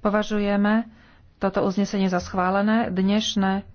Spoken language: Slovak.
Považujeme toto uznesenie za schválené. Dnešné